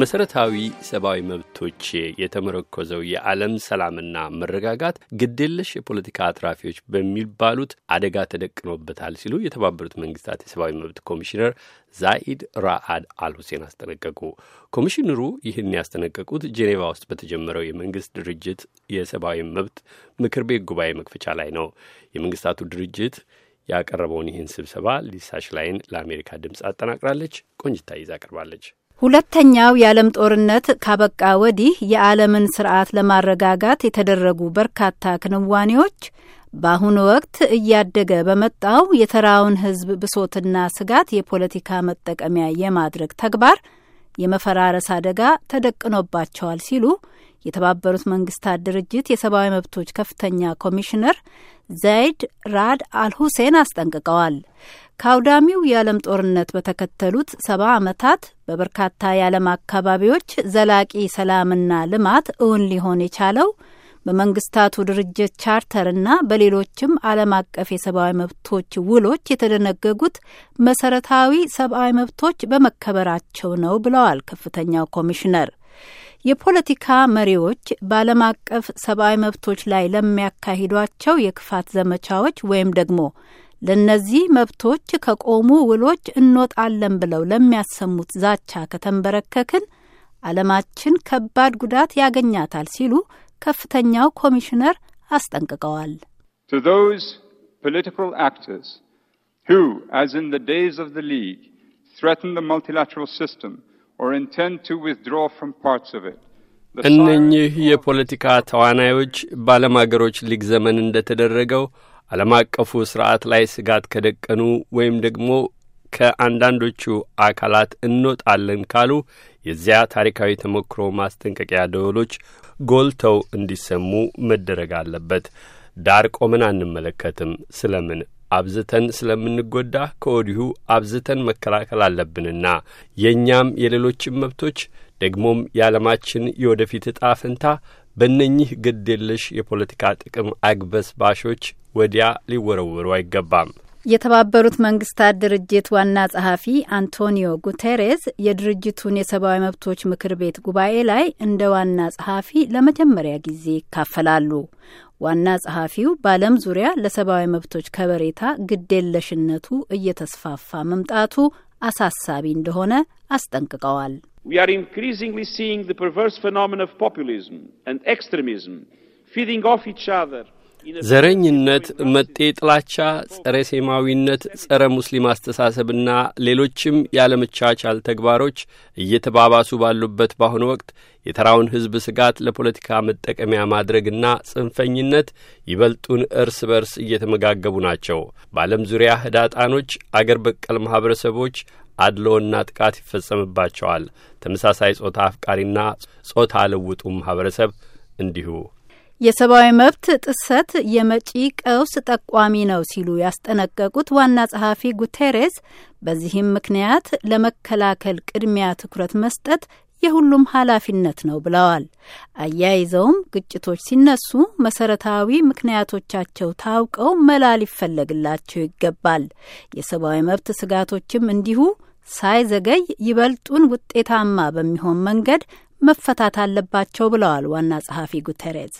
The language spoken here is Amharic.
መሰረታዊ ሰብአዊ መብቶች የተመረኮዘው የዓለም ሰላምና መረጋጋት ግዴለሽ የፖለቲካ አትራፊዎች በሚባሉት አደጋ ተደቅኖበታል ሲሉ የተባበሩት መንግስታት የሰብአዊ መብት ኮሚሽነር ዛኢድ ራአድ አልሁሴን አስጠነቀቁ። ኮሚሽነሩ ይህን ያስጠነቀቁት ጄኔቫ ውስጥ በተጀመረው የመንግስት ድርጅት የሰብአዊ መብት ምክር ቤት ጉባኤ መክፈቻ ላይ ነው። የመንግስታቱ ድርጅት ያቀረበውን ይህን ስብሰባ ሊሳሽ ላይን ለአሜሪካ ድምፅ አጠናቅራለች። ቆንጅታ ይዛ ቀርባለች። ሁለተኛው የዓለም ጦርነት ካበቃ ወዲህ የዓለምን ስርዓት ለማረጋጋት የተደረጉ በርካታ ክንዋኔዎች በአሁኑ ወቅት እያደገ በመጣው የተራውን ሕዝብ ብሶትና ስጋት የፖለቲካ መጠቀሚያ የማድረግ ተግባር የመፈራረስ አደጋ ተደቅኖባቸዋል ሲሉ የተባበሩት መንግስታት ድርጅት የሰብአዊ መብቶች ከፍተኛ ኮሚሽነር ዘይድ ራድ አልሁሴን አስጠንቅቀዋል። ከአውዳሚው የዓለም ጦርነት በተከተሉት ሰባ ዓመታት በበርካታ የዓለም አካባቢዎች ዘላቂ ሰላምና ልማት እውን ሊሆን የቻለው በመንግስታቱ ድርጅት ቻርተርና በሌሎችም ዓለም አቀፍ የሰብአዊ መብቶች ውሎች የተደነገጉት መሰረታዊ ሰብአዊ መብቶች በመከበራቸው ነው ብለዋል ከፍተኛው ኮሚሽነር። የፖለቲካ መሪዎች በዓለም አቀፍ ሰብአዊ መብቶች ላይ ለሚያካሂዷቸው የክፋት ዘመቻዎች ወይም ደግሞ ለእነዚህ መብቶች ከቆሙ ውሎች እንወጣለን ብለው ለሚያሰሙት ዛቻ ከተንበረከክን ዓለማችን ከባድ ጉዳት ያገኛታል ሲሉ ከፍተኛው ኮሚሽነር አስጠንቅቀዋል። ፖለቲካል እነኚህ የፖለቲካ ተዋናዮች በዓለም አገሮች ሊግ ዘመን እንደተደረገው ዓለም አቀፉ ስርዓት ላይ ስጋት ከደቀኑ ወይም ደግሞ ከአንዳንዶቹ አካላት እንወጣለን ካሉ የዚያ ታሪካዊ ተሞክሮ ማስጠንቀቂያ ደወሎች ጎልተው እንዲሰሙ መደረግ አለበት። ዳር ቆመን አንመለከትም ስለምን አብዝተን ስለምንጎዳ ከወዲሁ አብዝተን መከላከል አለብንና የእኛም የሌሎችም መብቶች ደግሞም የዓለማችን የወደፊት ዕጣ ፈንታ በእነኚህ ግድ የለሽ የፖለቲካ ጥቅም አግበስባሾች ወዲያ ሊወረወሩ አይገባም። የተባበሩት መንግስታት ድርጅት ዋና ጸሐፊ አንቶኒዮ ጉተሬዝ የድርጅቱን የሰብአዊ መብቶች ምክር ቤት ጉባኤ ላይ እንደ ዋና ጸሐፊ ለመጀመሪያ ጊዜ ይካፈላሉ። ዋና ጸሐፊው በዓለም ዙሪያ ለሰብአዊ መብቶች ከበሬታ ግዴለሽነቱ እየተስፋፋ መምጣቱ አሳሳቢ እንደሆነ አስጠንቅቀዋል። We are increasingly seeing the perverse phenomenon of populism and extremism feeding off each other. ዘረኝነት፣ መጤ ጥላቻ፣ ጸረ ሴማዊነት፣ ጸረ ሙስሊም አስተሳሰብና ሌሎችም ያለመቻቻል ተግባሮች እየተባባሱ ባሉበት በአሁኑ ወቅት የተራውን ሕዝብ ስጋት ለፖለቲካ መጠቀሚያ ማድረግና ጽንፈኝነት ይበልጡን እርስ በርስ እየተመጋገቡ ናቸው። በዓለም ዙሪያ ህዳጣኖች፣ አገር በቀል ማኅበረሰቦች አድሎና ጥቃት ይፈጸምባቸዋል። ተመሳሳይ ጾታ አፍቃሪና ጾታ ለውጡ ማኅበረሰብ እንዲሁ የሰብአዊ መብት ጥሰት የመጪ ቀውስ ጠቋሚ ነው ሲሉ ያስጠነቀቁት ዋና ጸሐፊ ጉቴሬስ በዚህም ምክንያት ለመከላከል ቅድሚያ ትኩረት መስጠት የሁሉም ኃላፊነት ነው ብለዋል። አያይዘውም ግጭቶች ሲነሱ መሰረታዊ ምክንያቶቻቸው ታውቀው መላ ሊፈለግላቸው ይገባል። የሰብአዊ መብት ስጋቶችም እንዲሁ ሳይዘገይ ይበልጡን ውጤታማ በሚሆን መንገድ መፈታት አለባቸው ብለዋል ዋና ጸሐፊ ጉተሬዝ።